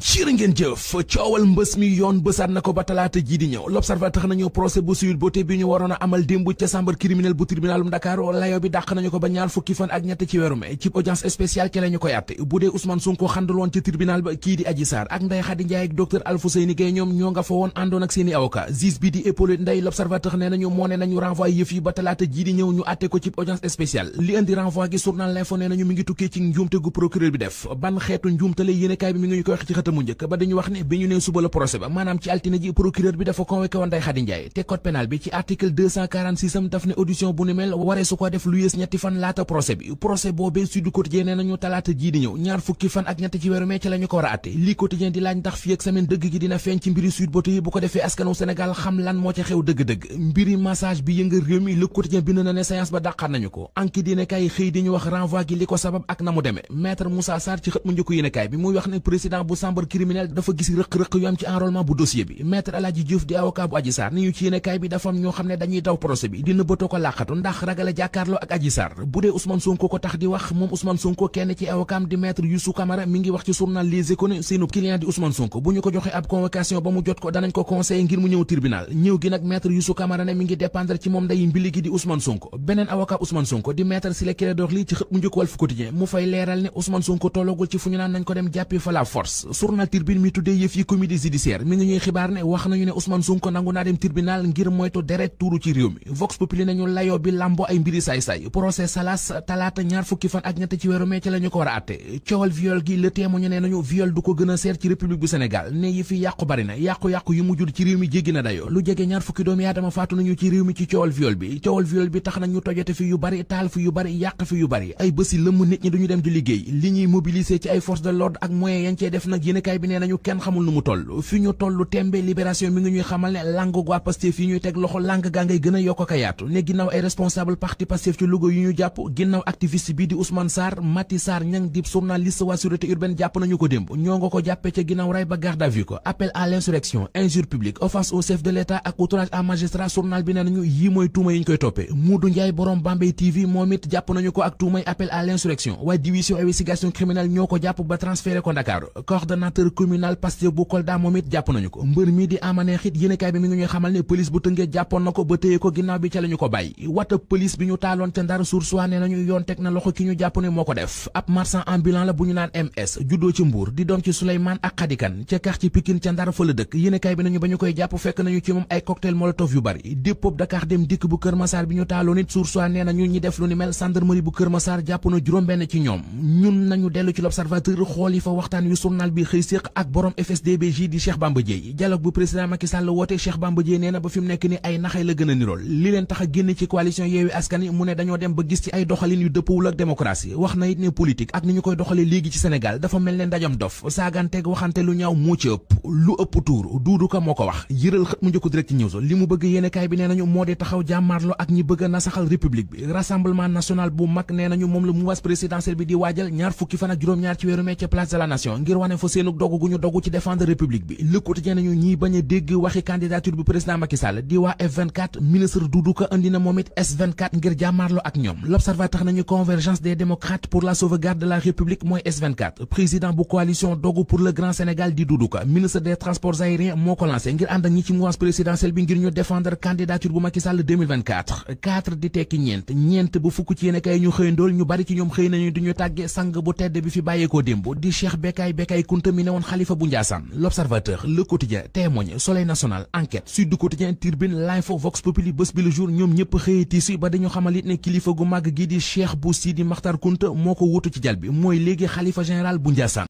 jërë ngeen jëf coowal mbës mi yoon bësaat na ko ba talaata ji di ñëw l'observateur nañu procès bu suyul beauté bi ñu waroon a amal démb ca chambre criminelle bu tribunalum Dakar layo bi dàq nañu ko ba ñaar fukki fan ak ñett ci weeru mai ci audience spéciale ca la ñu ko bu dee Ousmane Sonko xanduloon ci tribunal ba kii di Adji Sarr ak Ndeye Khady Ndiaye ak docteur Alfouseyni Gaye ñoom ñoo nga fa woon àndoon ak seeni avocat juge bi di Hippolyte Ndeye l'observateur mu njëkk ba wax ne bi ñu nee suba la procès ba maanaam ci altine ji procureur bi dafa convoqué woon Ndeye te code pénal bi ci article daf ne audition bu ni mel waree su ko def lu yées ñetti fan laata procès bi procès boobee Sud Quotidien nee nañu talaata jii di ñëw ñaar fukki fan ak ñett ci weeru mee ci ko war a lii Quotidien di laaj ndax fii ak dëgg gi dina feeñ ci mbiri Sud Bote yi bu ko defee askanu Sénégal xam lan moo ca xew dëgg chambre criminelle dafa gis rëq-rëq yu am ci enrôlement bu dossier bi maître Alaaji Diouf di avocat bu Adji ñu ci yéenekaay bi dafa am ñoo xam ne dañuy daw procès bi di nëbbatoo ko làqatu ndax ragal a jàkkaarloo ak Adji bu dee Ousmane Sonko ko tax di wax moom Ousmane Sonko kenn ci avocat di maître Youssou Camara mi ngi wax ci journal Les Échos ne seenu client di Ousmane Sonko bu ñu ko joxee ab convocation ba mu jot ko danañ ko conseiller ngir mu ñëw tribunal ñëw gi nag maître Youssou Camara ne mi ngi dépendre ci moom day mbili gi di Ousmane Sonko beneen avocat Ousmane Sonko di maître Ciré Clédor Ly ci xët mu njëkk Walf ko dem jàppi fa journal Tribune mi tuddee yëf yi comité judiciaire mi ngi ñuy xibaar ne wax nañu ne Ousmane Sonko nangu naa dem tribunal ngir moytu deret tuuru ci réew mi Vox Populi nañu layoo bi lambo ay mbiri saay-saay procès Salas talaata ñaar fukki fan ak ñett ci weeru mee ci la ko war a àtte coowal viol gi Le Témoin nee nañu viol du ko gën seer ci république bu Sénégal ne yi fi yàqu bari na yàqu-yàqu yu mu ci réew mi jéggi na dayo lu jege ñaar fukki doomu aadama yéenekaay bi nee nañu kenn xamul nu mu toll fi ñu toll tembe libération mi ngi ñuy xamal ne lang waa Pastef yi ñuy teg loxo lang gaa ngay gën yokk ko ne ginnaaw ay responsable parti Pastef ci Louga yu ñu jàpp ginnaaw activiste bii di Ousmane Sarr Mati Sarr ñang dib journaliste waa sûreté urbaine nga ko ko appel à l'insurrection injure publique offense au chef de l'État ak outrage à magistrat journal bi nee nañu yi mooy tuuma yi ñu koy toppee Modou Ndiaye borom Bambey TV coordonnateur communal Pastef na ñu yoon teg na loxo ki ñu jàpp ne moo ko def ab marchand ambulant la bu ñu naan MS juddoo ci Mbour di doom ci Souleymane ak Khadikan ca quartier Pikine ca Ndar fa la dëkk yéenekaay bi nañu ba ñu koy jàpp fekk nañu ci moom ay cocktail molotov yu bari dépôt Dakar dem dikk bu Kër Massar bi ñu taaloon it source nee nañu ñi def lu ni mel gendarmerie bu Kër Massar jàpp na juróom benn ci ñoom ñun nañu dellu ci l'observateur xool yi fa waxtaan lay séq ak borom FSD/BJ di Cheikh Bamba Dièye dialogue bu président Macky Sall woote Cheikh Bamba nee na ba fi nekk ni ay naxay la gën nirool li leen tax a génn ci coalition Yewwi Askan mu ne dañoo dem ba gis ci ay doxalin yu dëppwul ak démocratie wax na it ne politique ak ni ñu koy doxalee léegi ci Sénégal dafa mel ne ndajam dof saaganteeg waxante lu ñaaw moo ci ëpp lu ëpp tuur duudu moo ko wax yëral xët mu njëkk direct news li mu bëgg seenu dogu ci défendre république bi le quotidien nañu ñiy bañ a dégg waxi candidature bi président Macky di waa f ministre Doudou indi na moom it s ngir jàmmaarloo ak ñoom l'observateur nañu convergence des démocrates pour la sauvegarde de la république mooy s président bu coalition dogu pour le grand Sénégal di Doudou ministre des transports aériens moo ko lancé ngir ànd ak ñi ci mouvance présidentielle bi ngir ñu défendre candidature bu Macky miné woon xalifa bu Ndiassane l'observateur le quotidien témoigne soleil national enquête sud du quotidien turbine l'info vox populi bés bi le jour ñoom ñëpp xëyati si ba dañu xamal it ne kilifa gu màgg gi di cheikh bu Sidi Maxtar Kunta moo ko wutu ci jal bi mooy léegi xalifa général bu Ndiassane